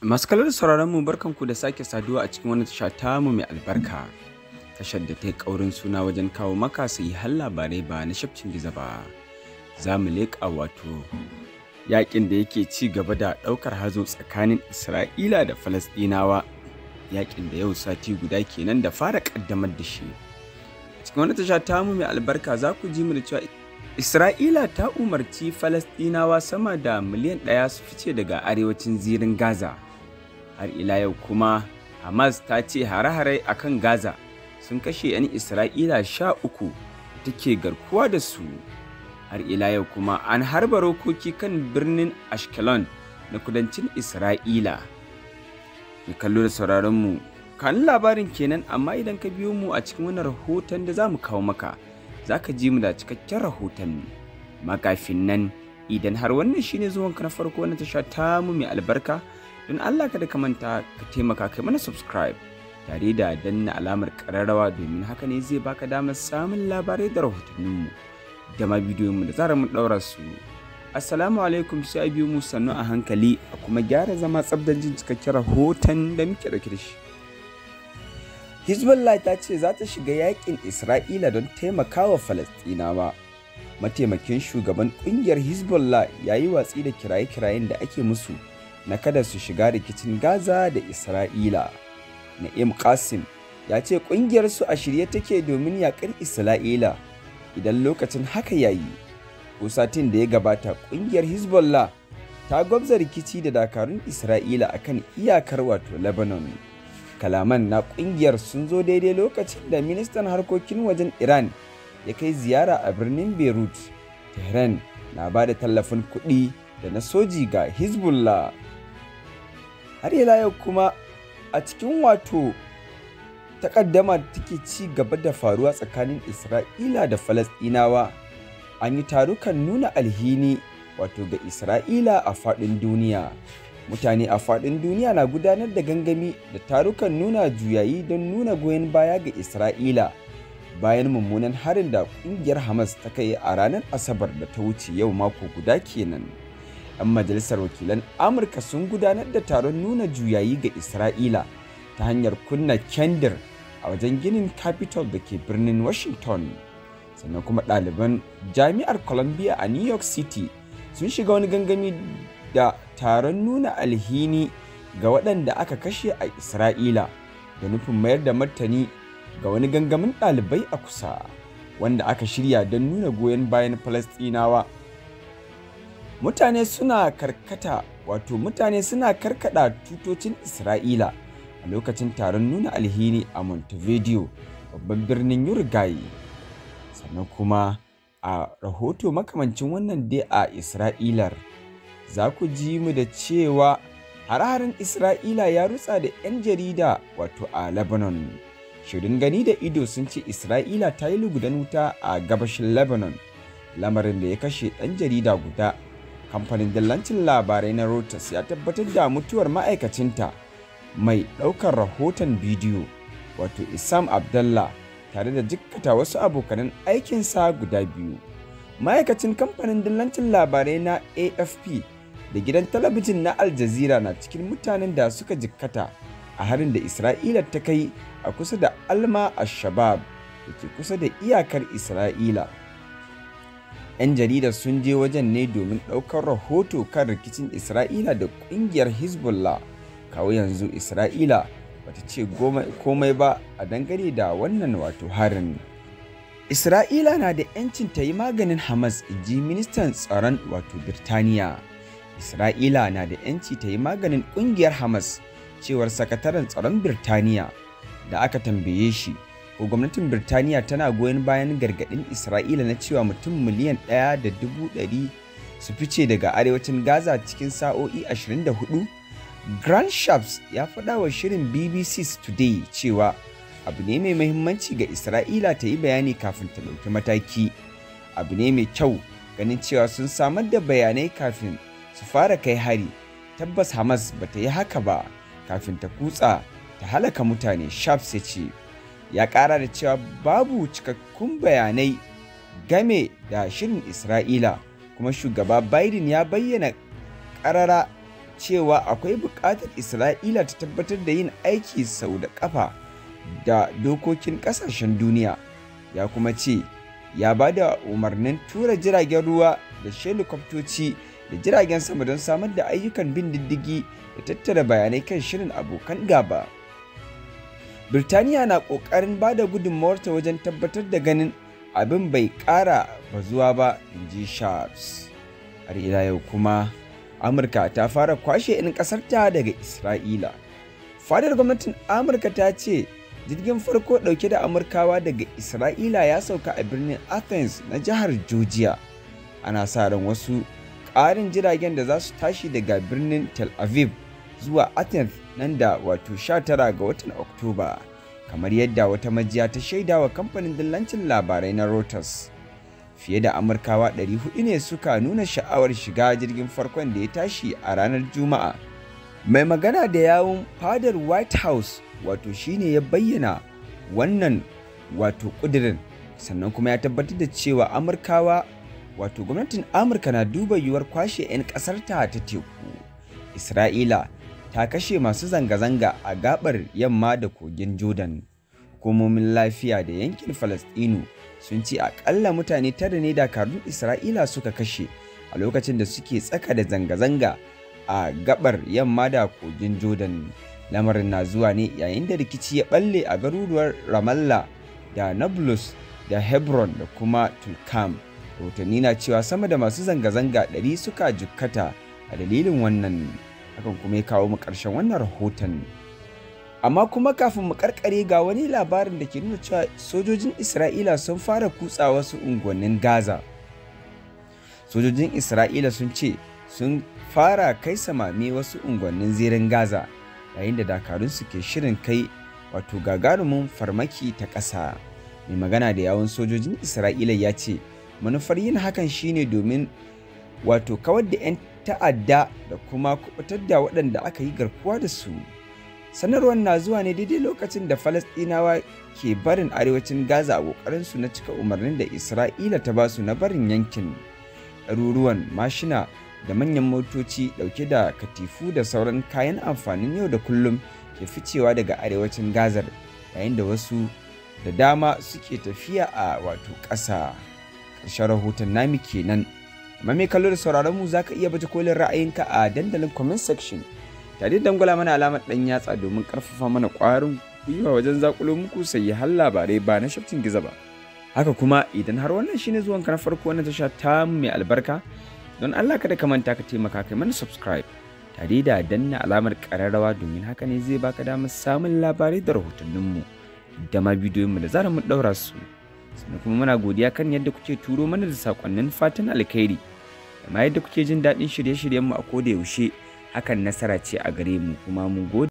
Masu kalar sauraron mu barkanku da sake saduwa a cikin wani tasha tamu mai albarka. Tashar da ta yi ƙaurin suna wajen kawo maka su yi har labarai ba na shafcin giza ba. Za mu leƙa wato yakin da yake ci gaba da ɗaukar hazo tsakanin Isra'ila da Falasɗinawa. Yaƙin da yau sati guda kenan da fara ƙaddamar da shi. A cikin wani tasha tamu mai albarka za ku ji mu da cewa Isra'ila ta umarci Falasɗinawa sama da miliyan ɗaya su fice daga arewacin zirin Gaza. har ila yau kuma hamas ta ce hare-hare a kan gaza sun kashe 'yan isra'ila sha uku da take garkuwa da su har ila yau kuma an harba rokoki kan birnin ashkelon na kudancin isra'ila mu kallo da sauraronmu kan labarin kenan amma idan ka biyo mu a cikin wani rahoton da za mu kawo maka za ka ji mu da cikakken rahoton makafin nan idan har wannan shine zuwanka na farko na tasha mu mai albarka don Allah kada ka manta ka taimaka kai mana subscribe tare da danna alamar ƙararrawa domin haka ne zai baka damar samun labarai da rahotanninmu da ma mu da zarar mun ɗaura su. Assalamu alaikum sai biyu mu sannu a hankali a kuma gyara zama tsabdan jin cikakken rahoton da muke ɗauke da shi. Hezbollah ta ce za ta shiga yakin Isra'ila don taimakawa Falastinawa. Mataimakin shugaban kungiyar Hezbollah ya yi watsi da kiraye-kirayen da ake musu na kada su shiga rikicin Gaza da Isra'ila. Na'im Qasim ya ce ƙungiyar su a shirye take domin yaƙar Isra'ila idan lokacin haka yayi. Ko satin da ya gabata ƙungiyar Hezbollah ta gwabza rikici da dakarun Isra'ila a kan iyakar wato Lebanon. Kalaman na ƙungiyar sun zo daidai lokacin da ministan harkokin wajen Iran ya kai ziyara a birnin Beirut. Tehran na ba da tallafin kuɗi da na soji ga Hezbollah. har ila yau kuma a cikin wato takaddama da take ci gaba da faruwa tsakanin isra'ila da falasɗinawa an yi tarukan nuna alhini wato ga isra'ila a faɗin duniya mutane a faɗin duniya na gudanar da gangami da tarukan nuna juyayi don nuna goyon baya ga isra'ila bayan mummunan harin da ƙungiyar hamas ta kai a ranar asabar da ta wuce yau mako guda kenan. 'yan majalisar wakilan amurka sun gudanar da taron nuna juyayi ga isra'ila ta hanyar kunna kendir a wajen ginin capitol da ke birnin washington sannan kuma ɗaliban jami'ar columbia a new york city sun shiga wani gangami da taron nuna alhini ga waɗanda aka kashe a isra'ila da nufin mayar da martani ga wani gangamin ɗalibai a kusa wanda aka shirya don nuna goyon bayan falasɗinawa mutane suna karkata wato mutane suna karkada tutocin isra'ila a lokacin taron nuna alhini a montevideo babban birnin uruguay sannan kuma a rahoto makamancin wannan dai a isra'ilar za ku ji mu da cewa hare-haren isra'ila ya rutsa da 'yan jarida wato a lebanon shirin gani da ido sun ce isra'ila ta yi lugudan wuta a gabashin lebanon lamarin da ya kashe ɗan jarida guda kamfanin dillancin labarai na reuters ya tabbatar da mutuwar ma'aikacinta mai ɗaukar rahoton bidiyo wato isam abdallah tare da jikkata wasu abokanan aikinsa guda biyu ma'aikacin kamfanin dillancin labarai na afp da gidan talabijin na al jazeera na cikin mutanen da suka jikkata a harin da isra'ila ta kai a kusa da alma a da ke kusa da iyakar isra'ila 'yan jaridar sun je wajen ne domin ɗaukar rahoto kan rikicin isra'ila da ƙungiyar hezbollah kawo yanzu isra'ila bata ce komai ba a dangane da wannan wato harin isra'ila na da 'yancin ta yi maganin hamas ji ministan tsaron wato birtaniya isra'ila na da 'yanci ta yi maganin ƙungiyar hamas cewar sakataren tsaron birtaniya da aka tambaye shi gwamnatin birtaniya tana goyon bayan gargaɗin isra'ila na cewa mutum miliyan ɗaya da dubu ɗari su fice daga arewacin gaza cikin sa'o'i 24 grand Shops ya faɗa wa shirin bbc today cewa abu ne mai mahimmanci ga isra'ila ta yi bayani kafin ta ɗauki mataki abu ne mai kyau ganin cewa sun samar da bayanai kafin su fara kai hari tabbas hamas ba ta yi haka ba kafin ta kutsa ta halaka mutane shafs ya ce ya ƙara da cewa babu cikakkun bayanai game da shirin isra'ila kuma shugaba biden ya bayyana ƙarara cewa akwai buƙatar isra'ila ta tabbatar da yin aiki sau da ƙafa da dokokin ƙasashen duniya ya kuma ce ya ba da umarnin tura jiragen ruwa da shelikwaftoci da jiragen sama don samar da ayyukan bin diddigi da tattara bayanai kan shirin abokan gaba. Birtaniya na ƙoƙarin ba da gudunmawarta wajen tabbatar da ganin abin bai ƙara bazuwa ba in ji Sharps. Har ila yau kuma, Amurka ta fara kwashe in ƙasarta daga Isra'ila. Fadar gwamnatin Amurka ta ce jirgin farko ɗauke da Amurkawa daga Isra'ila ya sauka a birnin Athens na jihar Georgia. Ana sa ran wasu ƙarin jiragen da za su tashi daga birnin Tel Aviv zuwa Athens nan da wato 19 ga watan Oktoba, kamar yadda wata majiya ta shaida wa kamfanin dillancin labarai na Reuters. Fiye da Amurkawa 400 ne suka nuna sha'awar shiga jirgin farkon da ya tashi a ranar Juma'a. Mai magana da yawun fadar White House wato shine ya bayyana wannan wato ƙudirin sannan kuma ya tabbatar da cewa Amurkawa wato gwamnatin Amurka na duba yiwuwar kwashe 'yan ƙasarta ta teku. Isra'ila ta kashe masu zanga-zanga a gabar yamma da kogin jordan hukumomin lafiya da yankin falastinu sun ce akalla mutane tara ne dakarun isra'ila suka kashe a lokacin da suke tsaka da zanga-zanga a gabar yamma da kogin jordan lamarin na zuwa ne yayin da rikici ya balle a garuruwar ramallah da nablus da hebron da kuma tulkam rahotanni na cewa sama da masu zanga-zanga 100 suka jukkata a dalilin wannan hakan kuma ya kawo mu ƙarshen wannan rahoton amma kuma kafin mu karkare ga wani labarin da ke nuna cewa sojojin isra'ila sun fara kutsa wasu unguwannin gaza sojojin isra'ila sun ce sun fara kai samame wasu unguwannin zirin gaza yayin da dakarun su ke shirin kai wato gagarumin farmaki ta ƙasa mai magana da yawon sojojin isra'ila ya ce manufar yin hakan shine domin wato kawar da 'yan ta'adda da kuma kubutar da waɗanda aka yi garkuwa da su. Sanarwar na zuwa ne daidai lokacin da Falasɗinawa ke barin arewacin Gaza a ƙoƙarinsu na cika umarnin da Isra'ila ta basu na barin yankin. Ɗaruruwan mashina da manyan motoci ɗauke da katifu da sauran kayan amfanin yau da kullum ke ficewa daga arewacin Gazar yayin da wasu da dama suke tafiya a wato ƙasa. Ƙarshen rahoton nami kenan. amma mai kallo da sauraron mu zaka iya baje kolin ra'ayinka a dandalin comment section tare da dangwala mana alamar dan yatsa domin karfafa mana kwarin gwiwa wajen zakulo muku sai har labarai ba na shaftin giza ba haka kuma idan har wannan shine zuwan ka na farko wannan tasha ta mai albarka don Allah kada ka manta ka taimaka kai mana subscribe tare da danna alamar kararrawa domin haka ne zai baka damar samun labarai da rahotanninmu da ma mu da zarar mu daura su sannan kuma muna godiya kan yadda kuke turo mana da sakonnin fatan alkhairi da ma yadda kuke jin daɗin shirye-shiryenmu a ko da yaushe hakan nasara ce a gare mu kuma mu gode